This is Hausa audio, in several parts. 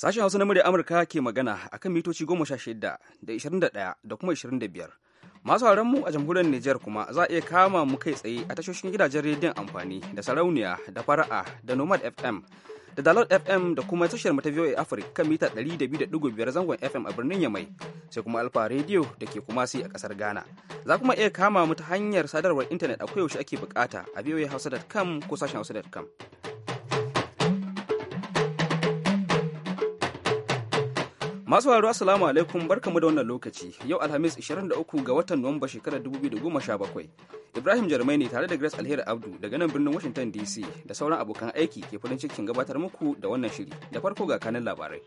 Sashen Hausa na murya Amurka ke magana akan mitoci goma sha shida da ishirin da ɗaya da kuma ishirin da biyar. Masu haran mu a jamhuriyar Nijar kuma za a iya kama mu kai tsaye a tashoshin gidajen rediyon amfani da sarauniya da fara'a da nomad FM da dalar FM da kuma tashar mu ta VOA Africa kan mita ɗari da da biyar zangon FM a birnin Yamai sai kuma Alfa Radio da ke kuma a kasar Ghana. Za kuma iya kama mu ta hanyar sadarwar intanet a koyaushe ake bukata a voahausa.com ko sashen hausa.com. Masu haru Assalamu alaikum barkamu da wannan lokaci. Yau Alhamis 23 ga watan Nuwamba shekarar 2017. Ibrahim Jarmai ne tare da Grace Alheri Abdu daga nan birnin Washington DC da sauran abokan aiki ke farin cikin gabatar muku da wannan shiri. Da farko ga kanin labarai.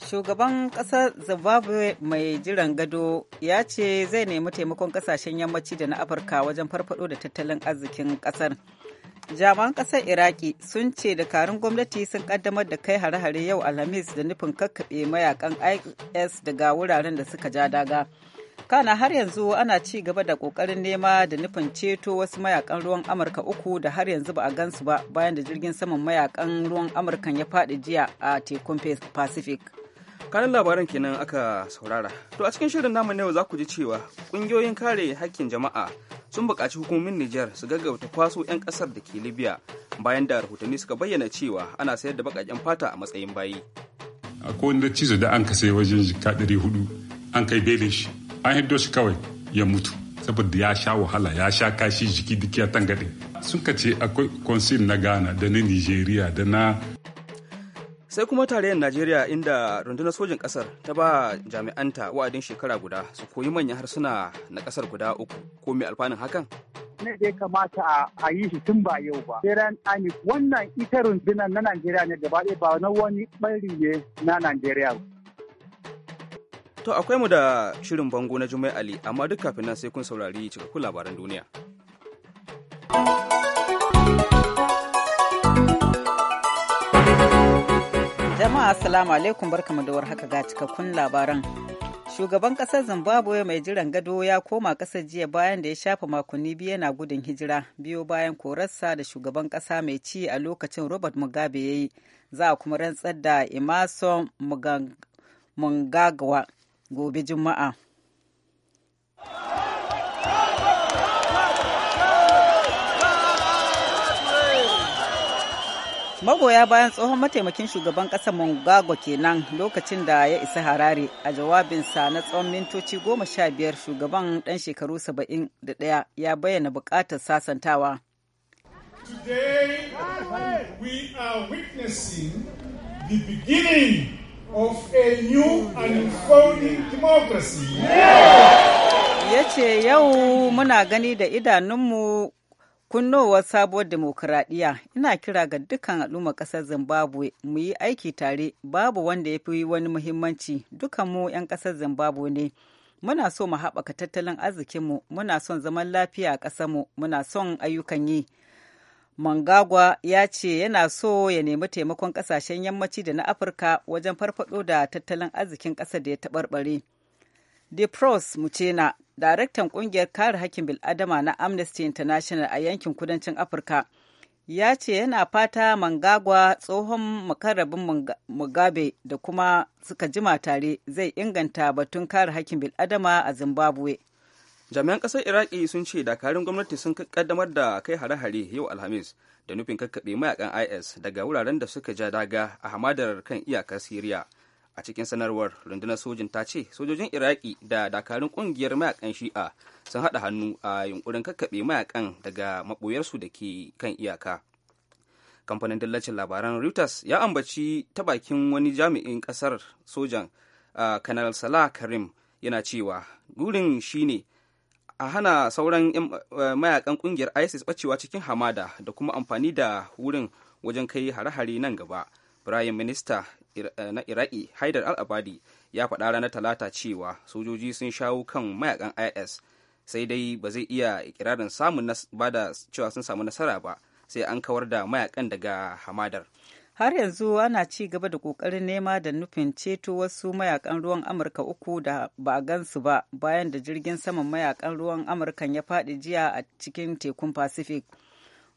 Shugaban kasar Zimbabwe mai jiran gado ya ce zai nemi taimakon ƙasashen yammaci da na Afirka wajen farfado da tattalin arzikin ƙasar. jami'an ƙasar iraki sun ce dakarun gwamnati sun kaddamar da kai hare-hare yau alhamis da nufin kakkaɓe mayakan is daga wuraren da suka ja daga kana har yanzu ana ci gaba da kokarin nema da nufin ceto wasu mayakan ruwan amurka uku da har yanzu ba a gansu ba bayan da jirgin saman mayakan ruwan amurka ya faɗi jiya a tekun pacific kanan labaran kenan aka saurara to a cikin shirin namu yau za ku ji cewa ƙungiyoyin kare hakkin jama'a sun buƙaci hukumomin Nijar su gaggauta kwaso 'yan ƙasar da ke Libya bayan da rahotanni suka bayyana cewa ana sayar da baƙaƙen fata a matsayin bayi. Akwai wanda cizo da an ka wajen jika ɗari hudu an kai belin shi an hiddo shi kawai ya mutu saboda ya sha wahala ya sha kashi jiki duk ya tangaɗe. Sun ka ce akwai consul na Ghana da na Nijeriya da na sai kuma tarayyar najeriya inda rundunar sojin kasar ta ba jami'anta wa'adin shekara guda su koyi manyan harsuna na kasar guda uku ko mai alfanun hakan ne da ya kamata a yi shi tun ba yau ba. Jiran Ani wannan ita rundunar na Najeriya ne gaba ɗaya ba na wani ɓari ne na Najeriya. To akwai mu da shirin bango na Jummai Ali amma duk kafin nan sai kun saurari cikakkun labaran duniya. Jama'a Assalamu alaikum barkamu da haka ga cikakkun labaran. Shugaban ƙasar Zimbabwe mai jiran gado ya koma ƙasar jiya bayan da ya shafa makonni biyu yana gudun hijira biyo bayan korarsa da shugaban kasa mai ci a lokacin Robert Mugabe ya yi. Za a kuma rantsar da Emerson Mnangagwa gobe Juma'a. magoya bayan tsohon mataimakin shugaban ƙasar mungago kenan lokacin da ya isa harare a jawabinsa na tsawon mintoci goma sha biyar shugaban ɗan shekaru saba'in da ɗaya ya bayyana buƙatar sasantawa Today, Ya ce yau muna gani da idanunmu kunnowar sabuwar demokuraɗiyya ina kira ga dukkan al'ummar ƙasar zimbabwe mu yi aiki tare babu wanda ya fi wani muhimmanci dukan mu 'yan ƙasar zimbabwe ne muna so mu haɓaka tattalin arzikinmu muna son zaman lafiya a ƙasarmu muna son ayyukan yi mangagwa ya ce yana so ya nemi taimakon ƙasashen yammaci da na afirka wajen farfaɗo da tattalin arzikin ƙasar da ya taɓarɓare De depros mucena daraktan kungiyar kare hakkin bil'adama na amnesty international a yankin kudancin afirka ya ce yana fata mangagwa tsohon makarabin mugabe da kuma suka jima tare zai inganta batun kare hakkin bil'adama a zimbabwe jami'an kasar iraki sun ce dakarun gwamnati sun kaddamar da kai hare-hare yau alhamis da nufin kakkaɓe mayakan is daga wuraren da suka ja daga a hamadar kan iyakar siriya a cikin sanarwar rundunar sojin ta ce sojojin iraki da dakarun kungiyar mayakan shi'a sun haɗa hannu a yunkurin kakkaɓe mayakan daga maɓoyarsu da ke kan iyaka kamfanin dillacin labaran reuters ya ambaci ta bakin wani jami'in ƙasar sojan kanal salah karim yana cewa gurin shine a hana sauran mayakan kungiyar isis bacewa cikin hamada da kuma amfani da wurin wajen kai hare-hare nan gaba Prime Minister Eh, na iraki haidar al-abadi ya faɗa ranar talata cewa sojoji sun shawo kan mayakan is sai dai ba zai iya ikirarin samun da cewa sun samu nasara ba sai an kawar da mayakan daga hamadar har yanzu ana ci gaba da kokarin nema da nufin ceto wasu mayakan ruwan amurka uku da ba a gansu ba bayan da jirgin saman mayakan ruwan amurkan ya faɗi jiya a cikin tekun pacific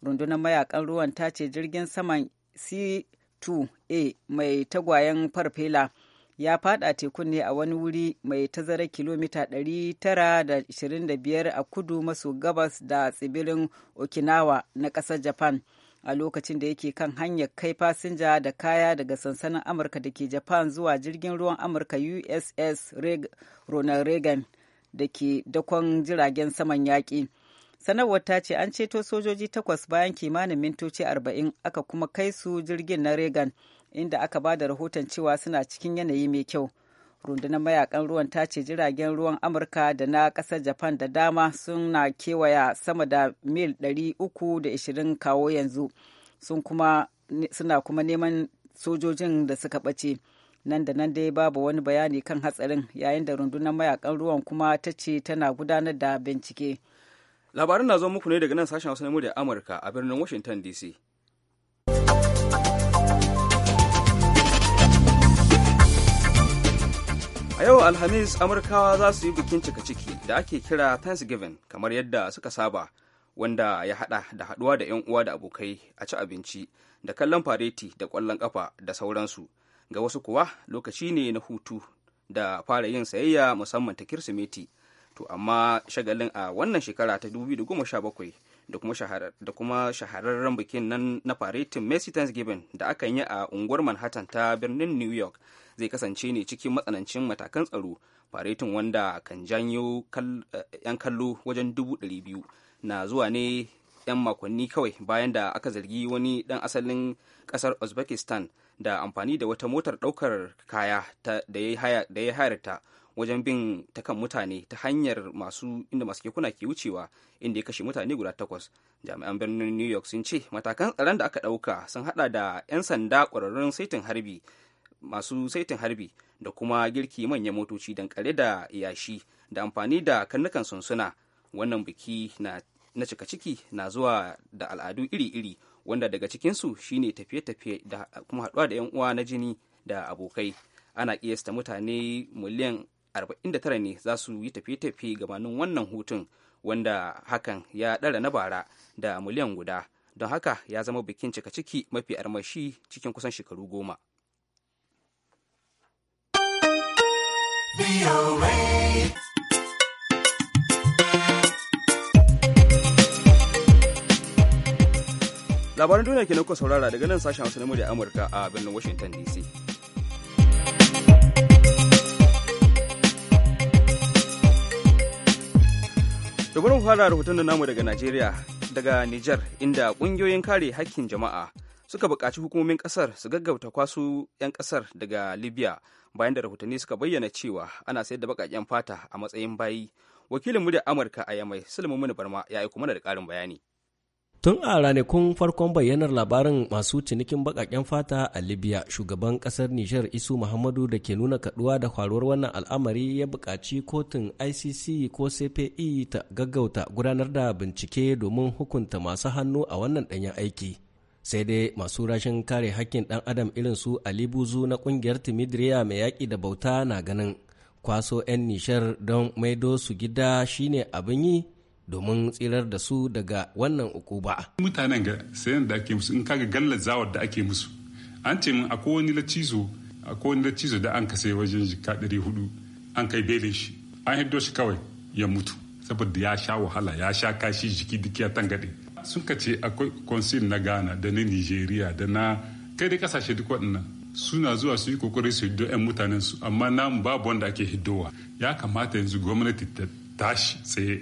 rundunar mayakan ruwan ta ce jirgin saman sea 2a mai tagwayen farfela ya fada tekun ne a wani wuri mai tazara kilomita 925 a kudu maso gabas da tsibirin okinawa na ƙasar japan a lokacin da yake kan hanyar kai fasinja da kaya daga sansanin amurka da ke japan zuwa jirgin ruwan amurka uss ronald reagan da ke dakon jiragen saman yaƙi. sanarwar ta ce an ceto sojoji takwas bayan kimanin mintoci arba'in aka kuma kai su jirgin na reagan inda aka ba da rahoton cewa suna cikin yanayi mai kyau rundunar mayakan ruwan ta ce jiragen ruwan amurka da na kasar japan da dama suna kewaya sama da mil 320 kawo yanzu suna kuma neman sojojin da suka bace nan da nan dai babu wani bayani kan hatsarin yayin da rundunar mayakan ruwan kuma ta ce tana gudanar da bincike. labaran na zo muku ne daga nan sashen hausa na da amurka a birnin washington dc a yau alhamis amurkawa za su yi bikin cika ciki da ake kira thanksgiving kamar yadda suka saba wanda ya hada da haduwa da 'yan uwa da abokai a ci abinci da kallon fareti da kwallon kafa da sauransu ga wasu kuwa lokaci ne na hutu da fara yin sayayya musamman ta kirsimeti to amma shagalin a wannan shekara ta 2017 da kuma shahararren bikin nan na faretin Messi Thanksgiving da aka yi a unguwar Manhattan ta birnin New York zai kasance ne cikin matsanancin matakan tsaro faretin wanda kan janyo eh, 'yan kallo wajen 200,000 na zuwa ne 'yan makonni kawai bayan da aka zargi wani dan asalin kasar Uzbekistan da amfani da wata motar daukar kaya da ya hayarta wajen bin ta kan mutane ta hanyar masu inda masu kekuna ke wucewa inda ya kashe mutane guda takwas jami'an birnin new york sun ce matakan tsaron da aka ɗauka sun hada da 'yan sanda ƙwararrun saitin harbi masu saitin harbi da kuma girki manyan motoci kare da yashi da amfani da karnukan sunsuna wannan biki na, na cika ciki na zuwa da al'adu iri-iri wanda daga cikinsu shine tafiye-tafiye da kuma haɗuwa da 'yan uwa na jini da abokai ana kiyasta mutane miliyan 49 ne za su yi tafiye-tafiye gabanin wannan hutun wanda hakan ya ɗara na bara da miliyan guda don haka ya zama bikin cika ciki mafi armashi cikin kusan shekaru goma. Labaran duniya ke kuka saurara daga nan sashen wasu na Amurka a birnin Washington DC. da mu fara rahoton da namu daga najeriya daga niger inda kungiyoyin kare hakkin jama'a suka buƙaci hukumomin ƙasar su gaggauta kwasu 'yan ƙasar daga libya bayan da rahotanni suka bayyana cewa ana sayar da baƙaƙen fata a matsayin bayi wakilin da amurka a yamai sulaiman mini barma ya aiko mana da ƙarin bayani Tun a ranakun farkon bayyanar labarin masu cinikin bakaken fata a Libya, shugaban kasar Nijar Isu Muhammadu da ke nuna kaduwa da faruwar wannan al'amari ya buƙaci kotun ICC ko CPE ta gaggauta gudanar da bincike domin hukunta masu hannu a wannan ɗanyen aiki. Sai dai masu rashin kare hakkin ɗan adam irin su Ali Buzu na ƙungiyar timidriya mai yaƙi da bauta na ganin kwaso 'yan Nishar don maido su gida shine abin yi domin tsirar da su daga wannan uku ukuba. Mutanen ga sayan da ake musu in kaga gallar zawar da ake musu. An ce min akwai wani lacizo akwai wani lacizo da an kasai wajen jika ɗari hudu an kai belin shi an hiddo shi kawai ya mutu saboda ya sha wahala ya sha kashi jiki duk ya tangaɗe. Sun ka ce akwai konsil na Ghana da na Nigeria da na kai dai kasashe duk waɗannan suna zuwa su yi kokari su hiddo 'yan mutanen su amma namu babu wanda ake hiddowa ya kamata yanzu gwamnati ta tashi tsaye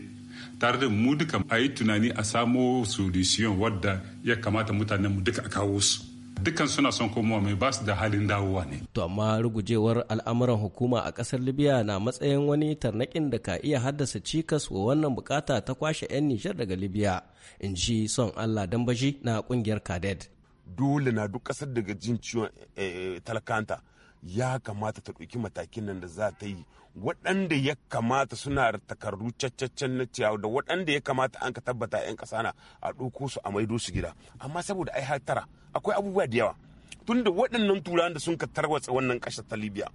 tare da mu duka a yi tunani a samo solution wadda ya kamata mutanen mu duka a kawo su dukkan suna son komowa mai ba su da halin dawowa ne. To amma rugujewar al'amuran hukuma a ƙasar Libya na matsayin wani tarnakin da ka iya haddasa cikas wa wannan bukata ta kwashe 'yan Nijar daga Libya, in ji son Allah Dambashi na kungiyar Kadet. Dole na duk ƙasar daga jin ciwon eh, eh, talakanta. ya kamata ta ɗauki matakin nan da za ta yi waɗanda ya kamata suna da takardu caccaccen na ciyawa da waɗanda ya kamata an ka tabbata 'yan ƙasa na a ɗauko su a maido su gida amma saboda ai tara akwai abubuwa da yawa tunda waɗannan turawan da sun ka tarwatsa wannan ƙasar ta libya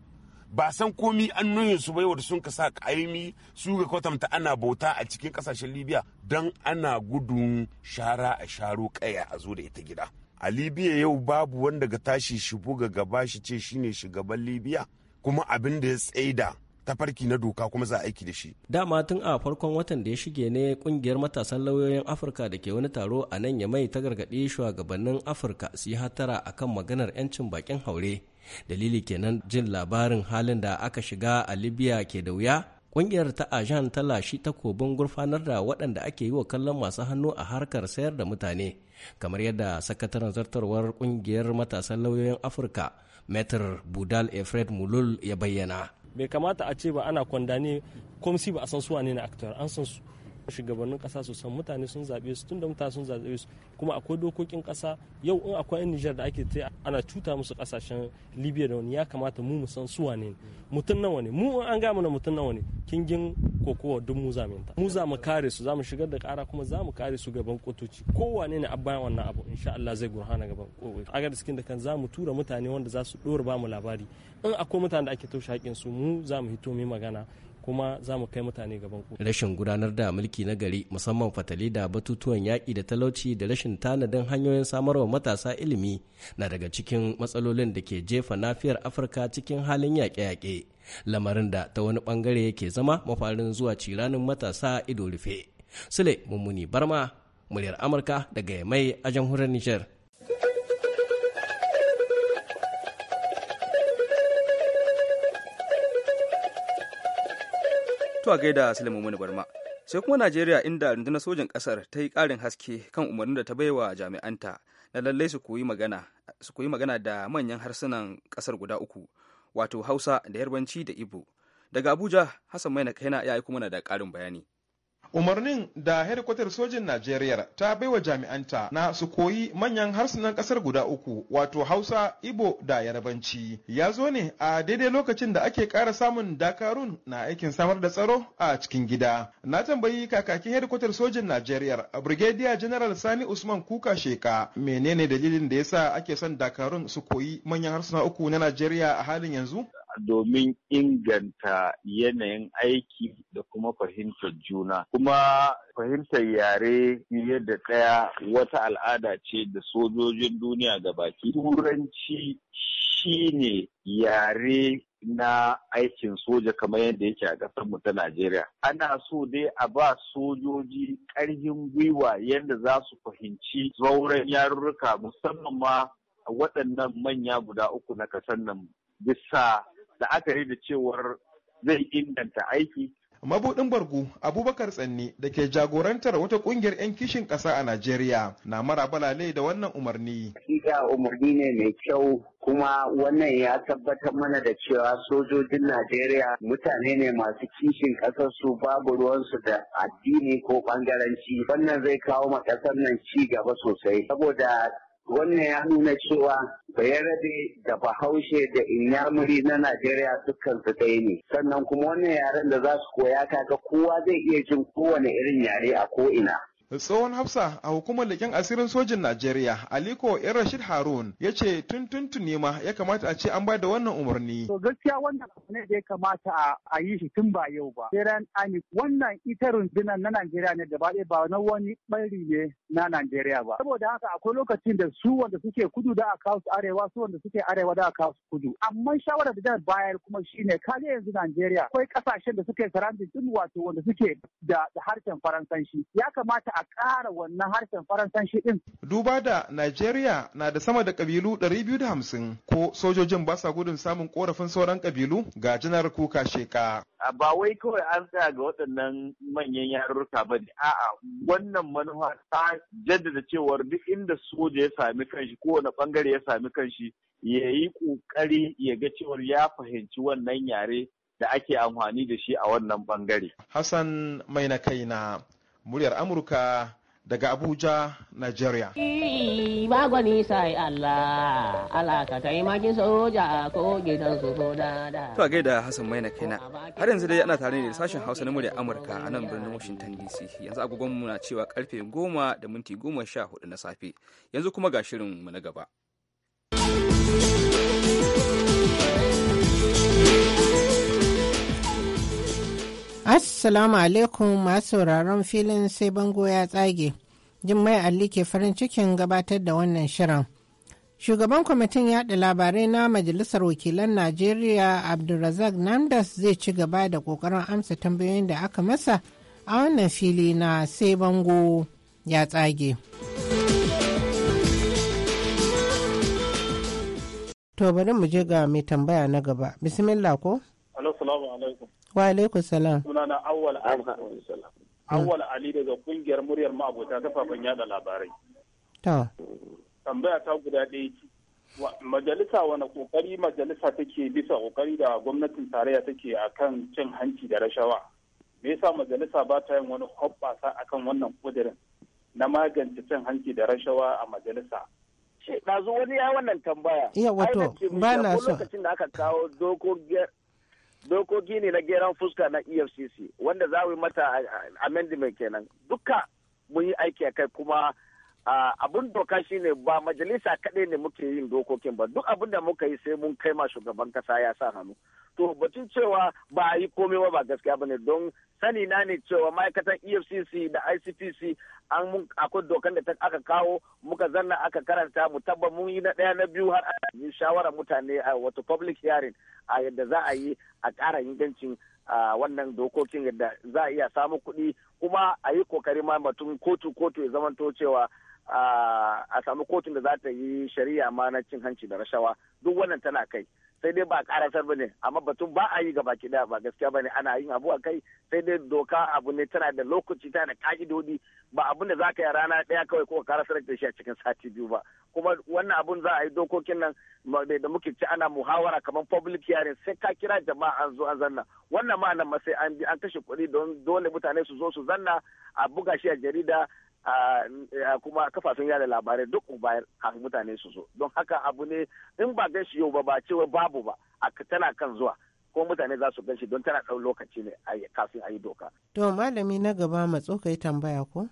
ba san komi annoyin su baiwa da sun ka sa ƙaimi su ga kwatanta ana bauta a cikin ƙasashen libya don ana gudun shara a sharo ƙaya a zo da ita gida a libya yau babu wanda ga tashi shi buga gaba shi ce shine shugaban libya kuma abin da ya tsaida tafarki na doka kuma za aiki da shi dama tun a farkon watan da ya shige ne kungiyar matasan lauyoyin afirka da ke wani taro a nan ya mai ta gargaɗi shugabannin afirka su yi hatara akan maganar 'yancin bakin haure dalili kenan jin labarin halin da aka shiga a libya ke da wuya kungiyar ta Ajan ta lashi takobin gurfanar da waɗanda ake yi wa kallon masu hannu a harkar sayar da mutane, kamar yadda sakataren zartarwar kungiyar matasan lauyoyin Afirka, Metr Budal Efred Mulul ya bayyana. Bai kamata a ce ba ana kwandane komsi ba a san su ne na aktar, an san su. shugabannin kasa su san mutane sun zaɓe su da mutane sun zaɓe su kuma akwai dokokin kasa yau in akwai yan Nijar da ake ta ana cuta musu kasashen Libya da wani ya kamata mu mu su wane mutum nawa ne mu an ga mana mutum nawa ne kingin kokowa duk mu zaminta mu za mu kare su za shigar da kara kuma za kare su gaban kotoci kowane ne abban wannan abu insha Allah zai gurhana gaban a agar cikin da kan za tura mutane wanda za su dora ba mu labari in akwai mutane da ake taushe haƙin su mu zamu mu hito mu magana kuma za mu kai mutane gaban ku. Rashin gudanar da mulki na gari musamman fatali da batutuwan yaƙi da talauci da rashin tanadin hanyoyin samarwa matasa ilimi na daga cikin matsalolin da ke jefa nafiyar Afirka cikin halin yaƙe-yaƙe. Lamarin da ta wani ɓangare yake zama mafarin zuwa ciranin matasa ido rufe. Sule Mummuni Barma, muryar Amurka daga Yamai a jamhuriyar Nijar. To gaida Sulaiman Barma. Sai kuma Najeriya inda rundunar sojan ƙasar ta yi karin haske kan umarnin da ta baiwa jami'anta na lallai su koyi magana su koyi magana da manyan harsunan ƙasar guda uku wato Hausa da Yarbanci da Igbo. Daga Abuja, Hassan Maina Kaina ya yi kuma na da karin bayani. umarnin da hedikwatar sojin najeriya ta baiwa jami'anta na su koyi manyan harsunan kasar guda uku wato hausa ibo da yarabanci ya zo ne a daidai lokacin da ake ƙara samun dakarun na aikin samar da tsaro a cikin gida na tambayi kakakin hedikwatar sojin najeriya brigadier general sani usman kuka sheka menene dalilin da yasa ake son dakarun su koyi manyan harsuna uku na najeriya a halin yanzu domin inganta yanayin aiki da kuma fahimtar juna. Kuma fahimtar yare fiye da ɗaya wata al'ada ce da sojojin duniya ga baki. Turanci shi ne yare na aikin soja kamar yadda yake a ƙasarmu ta Najeriya. Ana so dai a ba sojoji ƙarfin gwiwa yadda za su fahimci zauren yarurruka musamman ma waɗannan manya guda uku na ƙasar nan bisa la'akari da cewar zai inganta aiki. Mabuɗin bargu Abubakar Tsanni da ke jagorantar wata ƙungiyar 'yan kishin ƙasa a Najeriya na mara balale da wannan umarni. Hakika umarni ne mai kyau kuma wannan ya tabbatar mana da cewa sojojin Najeriya mutane ne masu kishin ƙasarsu babu ruwansu da addini ko ɓangaranci. Wannan zai kawo ma ƙasar nan ci gaba sosai. Saboda wannan ya nuna cewa bayarabe da bahaushe da inyamuri na najeriya dukkan su ɗaya ne sannan kuma wannan yaren da za su koya kaga kowa zai iya jin kowane irin yare a ko'ina Tsohon Hafsa a hukumar leƙen asirin sojin Najeriya, Aliko ‘yan Rashid Harun ya ce tun tun nema ya kamata a ce an ba da wannan umarni. To gaskiya wannan abu ne da ya kamata a yi shi tun ba yau ba. Jiran Ani wannan ita rundunar na Najeriya ne gaba ɗaya ba na wani ɓari ne na Najeriya ba. Saboda haka akwai lokacin da su wanda suke kudu da a kawo su arewa su wanda suke arewa da a su kudu. Amma shawarar da zan bayar kuma shine kale yanzu Najeriya akwai ƙasashen da suke sarandin duk wato wanda suke da harshen Faransanci. Ya kamata a ƙara wannan harshen faransanci ɗin. Duba da Najeriya na da sama da ƙabilu 250 ko sojojin ba sa gudun samun ƙorafin sauran ƙabilu ga janar kuka sheka. Ba wai kawai an tsaya ga waɗannan manyan yarurruka ba ne, a'a wannan manufa ta jaddada cewar duk inda soja ya sami kanshi kowane ɓangare ya sami kanshi ya yi ƙoƙari ya ga cewar ya fahimci wannan yare da ake amfani da shi a wannan ɓangare. Hassan mai na kaina muryar Amurka daga Abuja, Nigeria. To a gaida Hassan na kaina. Har yanzu dai ana tare da sashen Hausa na muryar Amurka a nan birnin Washington DC. Yanzu agogonmu na cewa karfe goma da minti goma sha hudu na safe. Yanzu kuma ga shirin mu na gaba. Assalamu alaikum masu sauraron filin sai bango ya tsage. Jummai Ali ke farin cikin gabatar da wannan shirin. Shugaban kwamitin yaɗa labarai na Majalisar Wakilan Najeriya Abdulrazak nandas zai ci gaba da ƙoƙarin amsa tambayoyin da aka masa a wannan fili na sai bango ya tsage. To bari mu je ga mai tambaya na gaba. Bismillah ko? alaikum. Wa alaikum salam. Sunana Awwal Ali. Awwal Ali daga kungiyar muryar ma'abota kafafen yada labarai. ta Tambaya ta guda ɗaya ce. Majalisa wani kokari majalisa take bisa kokari da gwamnatin tarayya take akan cin hanci da rashawa. Me yasa majalisa ba ta yin wani hoɓɓasa akan wannan kudirin na magance cin hanci da rashawa a majalisa? na Ɗazu wani ya wannan tambaya. Iya wato ba na so. Lokacin da aka kawo dokokin dokoki ne na geran fuska na efcc wanda za mu mata amendment kenan duka mun yi aiki a kai kuma abin doka shine ba majalisa kaɗai ne muke yin dokokin ba duk abin da muka yi sai mun kai ma shugaban kasa ya sa hannu to batun cewa ba a yi komai ba gaskiya bane don sani na ne cewa ma'aikatan efcc da icpc an akwai dokan da ta aka kawo muka zanna aka karanta mu tabba mun yi na ɗaya na biyu har a yi shawara mutane a wato public hearing a yadda za a yi a ƙara ingancin wannan dokokin yadda za a iya samu kuɗi kuma a yi kokari ma batun kotu kotu ya zamanto cewa a samu kotun da za ta yi shari'a ma na cin hanci da rashawa duk wannan tana kai sai dai ba a karatar ba ne amma batun ba a yi gaba ki ba gaskiya ba ne ana yin abu a kai sai dai doka abu ne tana da lokaci tana da ka'idodi ba abun da za ka yi rana ɗaya kawai ko karasar da shi a cikin sati biyu ba kuma wannan abun za a yi dokokin nan da muke ci ana muhawara kamar public hearing sai ka kira jama'a an zo an zanna wannan ma ma sai an bi an kashe kuɗi don dole mutane su zo su zanna a buga shi a jarida kuma kafafen yada labarai duk bayar a mutane su zo don haka abu ne in ba gashi yau ba ba cewa babu ba a tana kan zuwa ko mutane za su gashi don tana ɗau lokaci ne a kafin a yi doka. to malami na gaba matso ka yi tambaya ko.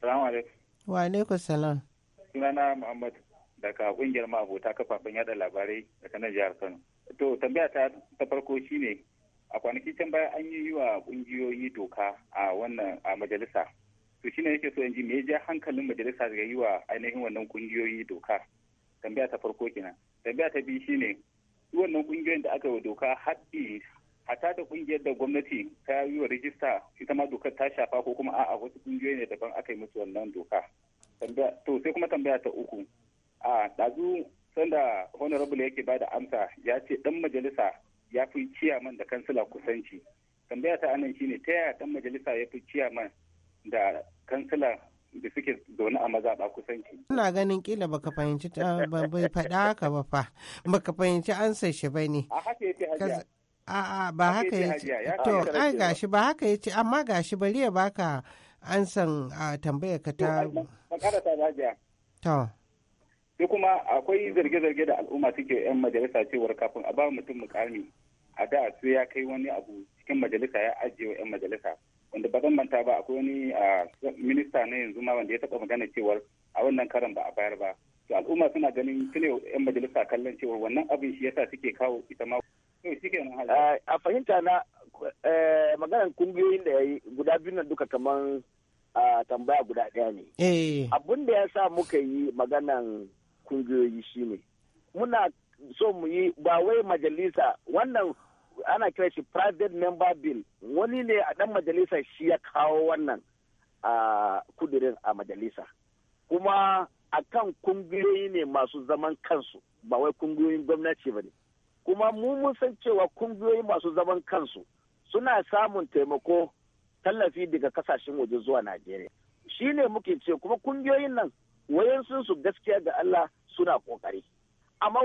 salamu wa alaikum salam. sunana muhammad daga kungiyar ma'abota kafafen yada labarai daga nan jihar kano. to tambaya ta ta farko shine a kwanaki can baya an yi wa kungiyoyi doka a wannan a majalisa to shine yake so yanzu me ja hankalin majalisa ga yi wa ainihin wannan kungiyoyi doka tambaya ta farko kenan tambaya ta biyu shine wannan kungiyoyin da aka yi wa doka haɗi hata da kungiyar da gwamnati ta yi wa rijista ita ma dokar ta shafa ko kuma a'a wasu kungiyoyi ne daban aka yi musu wannan doka tambaya to sai kuma tambaya ta uku a ɗazu sanda honorable yake bada amsa ya ce dan majalisa ya fi ciyaman da kansila kusanci tambaya ta anan shine ta yaya dan majalisa ya fi ciyaman da kansila da suke zaune a mazaɓa kusanci. Ina ganin kila baka fahimci ta bai faɗa haka ba fa baka fahimci an san shi bane A haka yake hajiya. A'a ba haka ya To ai gashi ba haka ya amma gashi bari ya baka san tambayar ka ta. To. Sai kuma akwai zarge-zarge da al'umma suke 'yan majalisa cewar kafin a ba mutum mukami a da sai ya kai wani abu cikin majalisa ya ajiye wa 'yan majalisa. wanda ba zan manta ba akwai wani minista na yanzu ma wanda ya taɓa magana cewar a wannan karan ba a bayar ba to al'umma suna ganin tune yan majalisa kallon cewar wannan abin shi yasa suke kawo ita ma eh, a fahimta na eh, maganar kungiyoyin da ya yi guda biyu na duka kamar tambaya guda ɗaya ne eh. abun da ya sa muka yi maganan kungiyoyi shine muna so mu yi ba wai majalisa wannan ana kira shi private member bill wani ne a dan majalisa shi ya kawo wannan a kudirin a majalisa kuma a kan kungiyoyi ne masu zaman kansu ba wai kungiyoyin gwamnati ba ne kuma mu mun san cewa kungiyoyi masu zaman kansu suna samun taimako tallafi daga kasashen waje zuwa najeriya shi ne muke ce kuma kungiyoyin nan su gaskiya ga allah suna kokari amma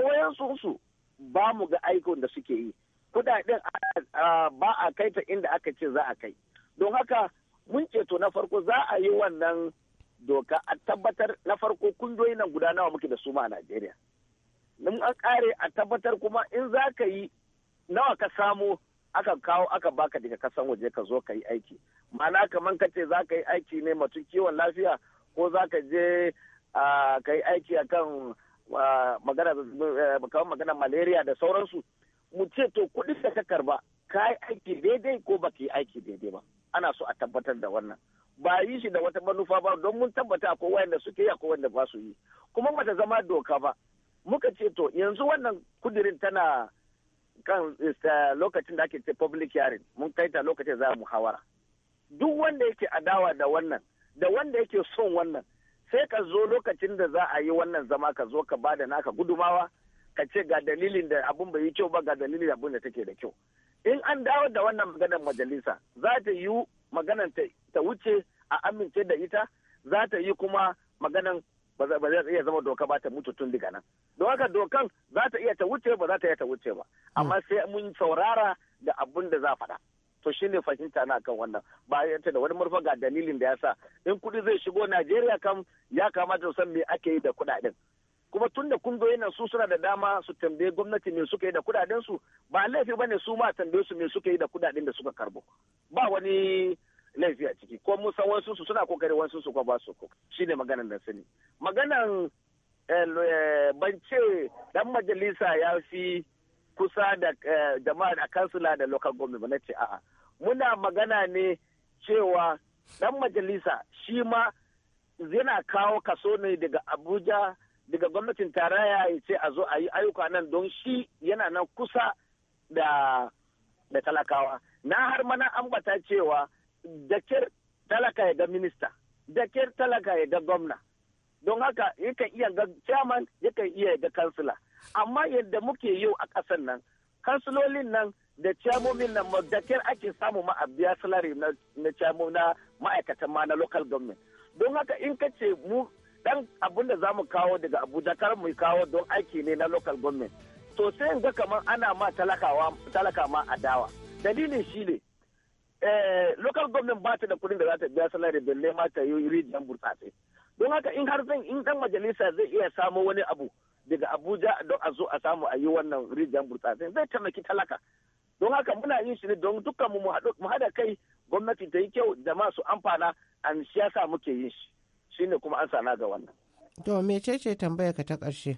su ba mu ga aikon da suke yi kudaden ba a kai ta inda aka ce za a kai don haka mun ceto na farko za a yi wannan doka a tabbatar na farko kungiyoyi nan guda nawa muke da su ma a Najeriya Nun an kare a tabbatar kuma in za ka yi nawa ka samu aka kawo aka baka daga kasan waje ka zo ka yi aiki ma'ana kamar ka ce za ka yi aiki ne mutum kiwon lafiya ko za ka je ka yi aiki akan magana eh, magana malaria da sauransu mu ce to kuɗin da ka karba ka yi aiki daidai ko baki yi aiki daidai ba ana so a tabbatar da wannan ba yi shi da wata manufa ba don mun tabbata akwai wanda suke yi akwai wanda ba su yi kuma bata zama doka ba muka ce to yanzu wannan kudirin tana kan eh, lokacin da ake ce public hearing mun kai ta lokacin za mu hawara duk wanda yake adawa da wannan da wanda yake son wannan sai ka zo lokacin da za a yi wannan zama ka zo ka bada naka gudumawa ka ce ga dalilin da abun bai yi kyau ba ga dalilin abun da take da kyau in an dawo da wannan maganar majalisa za ta yi maganar ta wuce a amince da ita za ta yi kuma maganar ba za ta iya zama doka ba ta mutu tun daga nan don haka dokan za ta iya ta wuce ba za ta iya ta wuce ba amma hmm. sai mun saurara da abun da za faɗa to shine fahimta na kan wannan ba ta da wani murfa ga dalilin da ya sa in kuɗi zai shigo Najeriya kam ya kamata san me ake yi da kuɗaɗen kuma tun da kungiyoyin nan su suna da dama su tambaye gwamnati me suka yi da kudaden su ba laifi bane su ma tambaye su me suka yi da kudaden da suka karbo ba wani laifi a ciki ko mun san wasu su suna kokari wasu su ko ba su shine maganar da sani maganan eh, eh, ban ce dan majalisa ya fi kusa da eh, jama'a da kansila da local government na ce a'a muna magana ne cewa dan majalisa shi ma yana kawo kaso ne daga abuja daga gwamnatin taraya ya ce a zo a yi ayyuka nan don shi yana nan kusa da talakawa na har mana ambata cewa da kyar talaka ya ga minista da kyar talaka ya ga gwamna don haka yakan iya ga chairman yakan iya ga kansila amma yadda muke yau a ƙasar nan kansulolin nan da chairmomin nan da kyar ake samu ma salari na na ma'aikatan ma na local government don haka in ka ce mu dan abin da za mu kawo daga abuja kar mu kawo don aiki ne na local government to sai ga kamar ana ma talakawa talaka ma a dawa dalilin shi ne eh, local government ba ta da kudin da za ta biya salari da ma ta yi rijiyar burtsatse don haka in har zan in dan majalisa zai iya samo wani abu daga abuja don a zo a samu a yi wannan rijiyar burtsatse zai taimaki talaka don haka muna yin shi ne don dukkan mu haɗa kai gwamnati ta yi kyau da su amfana an siyasa muke yin shi shine kuma an sana ga wannan to ce tambaya ka ta ƙarshe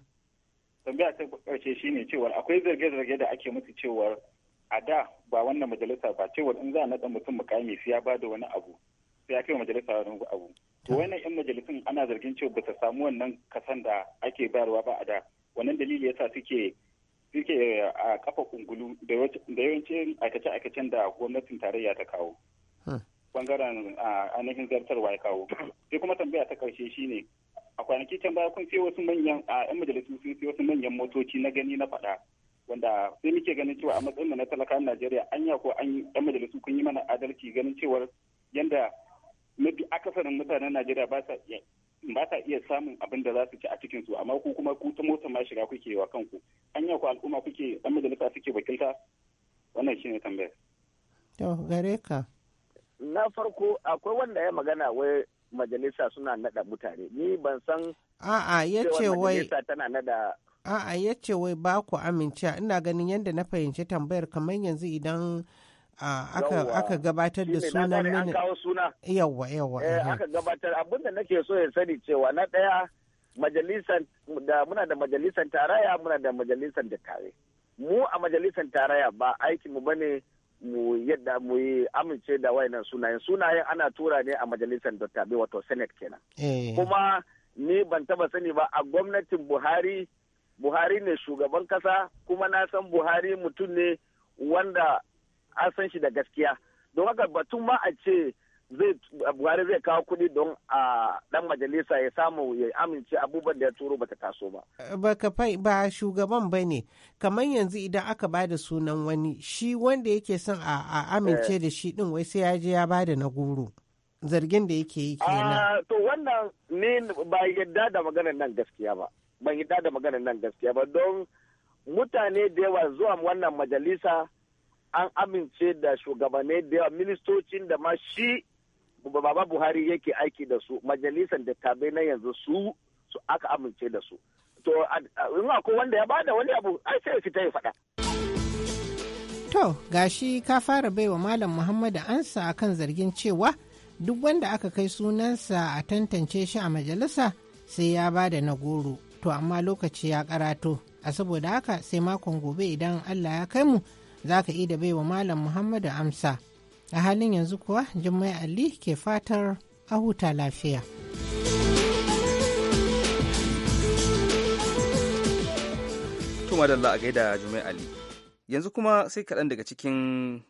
tambaya ta ƙarshe shine cewa akwai zarge-zarge da ake musu cewa a da ba wannan majalisa ba cewa in za a naɗa mutum mukami sai ya ba da wani abu sai ya kai majalisa wani abu to hmm. wannan yan majalisun ana zargin cewa bata samu wannan kasan da ake bayarwa ba a da wannan dalili yasa suke suke eh, a kafa kungulu da yawancin aikace-aikacen da gwamnatin tarayya ta kawo. Hmm. bangaren ainihin zartarwa ya kawo sai kuma tambaya ta karshe shine a kwanaki can baya kun sai wasu manyan a yan majalisu sun sai wasu manyan motoci na gani na fada wanda sai muke ganin cewa a matsayin na talakawan Najeriya anya ko an yan majalisu kun yi mana adalci ganin cewar yanda mafi akasarin mutanen Najeriya ba sa iya ba sa iya samun abin da za su ci a cikin su amma ku kuma ku ta mota ma shiga kuke wa kanku anya ko al'umma kuke yan majalisa suke wakilta wannan shine tambayar Yau gare ka na farko akwai wanda ya magana wai majalisa suna nada mutane ni ban san a'a yace wai tana nada a'a ya ce wai ba ku amince ina ganin yadda na fahimci tambayar kamar yanzu idan aka gabatar da sunan mini kawo suna yawa yawa eh, aka gabatar abinda nake so ya sani cewa na daya majalisan da muna da majalisan tarayya muna da majalisan da kare mu a majalisan tarayya ba aikin mu bane mu yadda mu yi amince da wayannan sunayen sunayen ana tura ne a majalisar dattabe wato senate kenan eh. kuma ni ban taba sani ba a gwamnatin buhari buhari ne shugaban kasa kuma na san buhari mutum ne wanda an san shi da gaskiya don haka batun ma a ce zai buhari zai kawo kuɗi don a dan majalisa ya samu ya amince abubuwan da ya turo bata taso ba eh, ba ka fai ba shugaban ba ne kamar yanzu idan aka ba da sunan wani shi wanda yake son a amince eh. da shi din wai sai ya je ya ba da na goro zargin da yake yi kenan ah, to wannan ne ba yadda da maganar nan gaskiya ba ban yadda da maganar nan gaskiya ba don mutane da yawa zuwa wannan majalisa an amince da shugabanni da yawa ministocin da ma shi baba buhari yake aiki da su majalisar da dattabai na yanzu su su aka amince da su to in ko wanda ya bada wani abu ai sai ta ya faɗa. to gashi ka fara baiwa malam muhammadu ansa akan zargin cewa duk wanda aka kai sunansa a tantance shi a majalisa sai ya ba da na goro to amma lokaci ya karato a saboda haka sai makon gobe idan allah ya kai mu za ka da baiwa malam muhammadu amsa a halin yanzu kuwa jummai ali ke fatar a huta lafiya tuma da gaida jummai ali yanzu kuma sai kaɗan daga cikin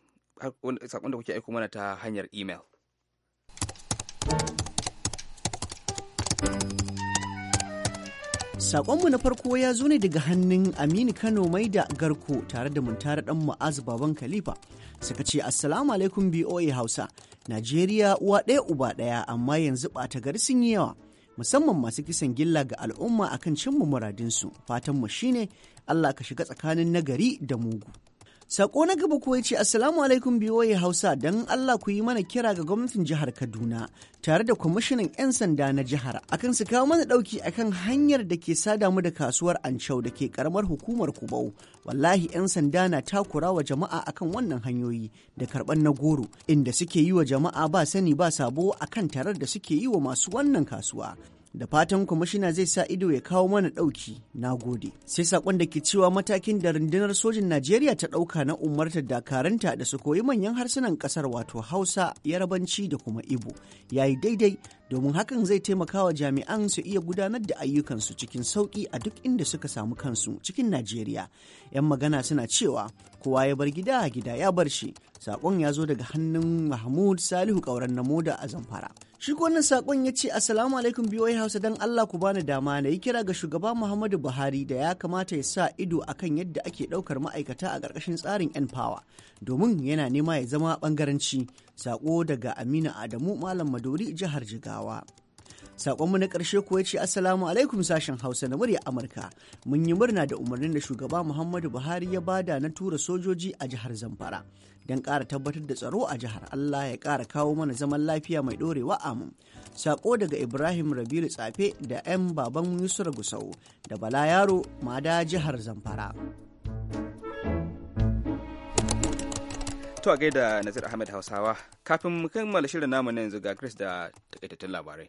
sakon da kuke aiko mana ta hanyar imel. Sakonmu na farko ya zo ne daga hannun Aminu Kano mai da Garko tare da Muntare dan Mu'az Baban Khalifa. Suka ce Assalamu alaikum BOA Hausa. Najeriya uwa ɗaya uba ɗaya amma yanzu ɓata gari sun yi yawa. Musamman masu kisan gilla ga al'umma akan cimma muradinsu. Fatanmu shine Allah ka shiga tsakanin nagari da mugu. Sako na gaba kuwa ce Assalamu alaikum biyoyi Hausa don Allah ku yi mana kira ga gwamnatin jihar Kaduna tare da kwamishinan 'yan sanda na jihar akan su kawo mana ɗauki akan hanyar da ke sada mu da kasuwar Ancau da ke karamar hukumar Kubau. Wallahi 'yan sanda na takura wa jama'a akan wannan hanyoyi da karɓar na goro inda suke yi wa jama'a ba sani ba sabo akan tarar da suke yi wa masu wannan kasuwa. da fatan kwamishina zai sa ido ya kawo mana ɗauki na gode sai sakon da ke cewa matakin da rundunar sojin najeriya ta ɗauka na umartar dakaranta da su koyi manyan harsunan ƙasar wato hausa yarabanci da kuma ibo ya yi daidai domin hakan zai taimaka wa jami'an su iya gudanar da ayyukansu cikin sauƙi a duk inda suka samu kansu cikin najeriya 'yan magana suna cewa kowa ya bar gida gida ya bar shi sakon ya zo daga hannun mahmud salihu ƙauren namoda a zamfara Shi wannan sakon ya ce Assalamu alaikum BOA Hausa don Allah ku bani dama na yi kira ga shugaba Muhammadu Buhari da ya kamata ya sa ido a kan yadda ake ɗaukar ma'aikata a ƙarƙashin tsarin 'yan fawa domin yana nema ya zama bangaranci. Sako daga Aminu Adamu Malam Madori jihar Jigawa. Sakonmu na ƙarshe kuwa ce Assalamu alaikum sashen Hausa na murya Amurka. Mun yi murna da umarnin da shugaba Muhammadu Buhari ya bada na tura sojoji a jihar Zamfara. don ƙara tabbatar da tsaro a jihar Allah ya ƙara kawo mana zaman lafiya mai ɗorewa mun. Sako daga Ibrahim Rabilu Tsafe da 'yan baban Yusra Gusau da Bala Yaro Mada jihar Zamfara. To a gaida Nazir Ahmed Hausawa, kafin mu kammala shirin namu na yanzu ga Chris da takaitattun labarai.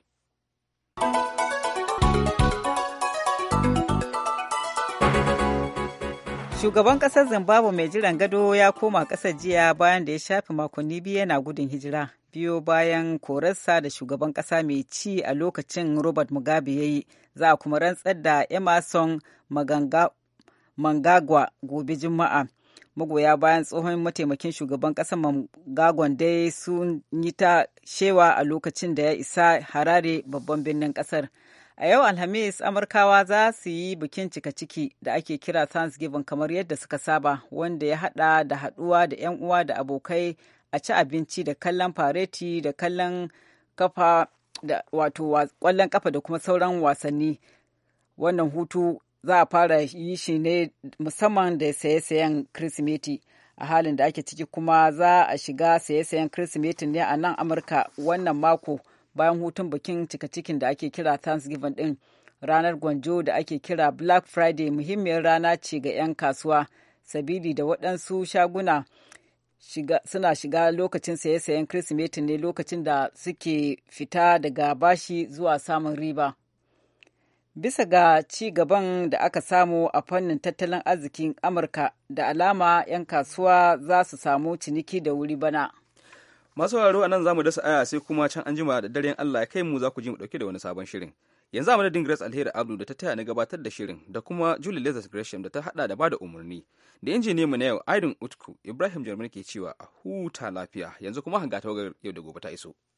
Shugaban ƙasar Zimbabwe mai jiran gado ya koma ƙasar jiya bayan da ya shafe makonni biyu yana gudun hijira. Biyo bayan korarsa da shugaban ƙasa mai ci a lokacin Robert Mugabe ya yi, za a kuma rantsar da Emerson Mangagwa gobe Juma'a. magoya bayan tsohon mataimakin shugaban ƙasar mangagwa dai sun yi ta shewa a lokacin da ya isa harare babban birnin ƙasar A yau Alhamis Amurkawa za su yi bikin cika ciki da ake kira Thanksgiving kamar yadda suka saba wanda ya haɗa da haɗuwa da 'yan uwa da abokai a ci abinci da kallon fareti da kallon kafa da wato kwallon kafa da kuma sauran wasanni. Wannan hutu za a fara yi shi ne musamman da saye-sayen Kirsimeti. a halin da ake ciki kuma za a shiga saye-sayen Kirsimeti ne a nan amurka wannan mako bayan hutun bikin cika cikin da ake kira Thanksgiving din. Ranar Gwanjo da ake kira Black Friday muhimmiyar rana ce ga 'yan kasuwa, sabili da waɗansu shaguna suna shiga lokacin saye-sayen Kirsimeti ne lokacin da suke fita daga bashi zuwa samun riba. Bisa ga ci gaban da aka samu a fannin tattalin arzikin Amurka da alama 'yan kasuwa za su samu ciniki da wuri bana. masu sauraro a nan za mu dasa aya sai kuma can an jima da daren Allah ya kai mu za ku ji mu dauke da wani sabon shirin yanzu a madadin Grace Alheri Abdu da ta taya na gabatar da shirin da kuma Julie Lazarus Gresham da ta hada da bada umarni da injiniya mu na yau Aidin Utku Ibrahim Jarmar ke cewa a huta lafiya yanzu kuma hanga tawagar yau da gobe ta iso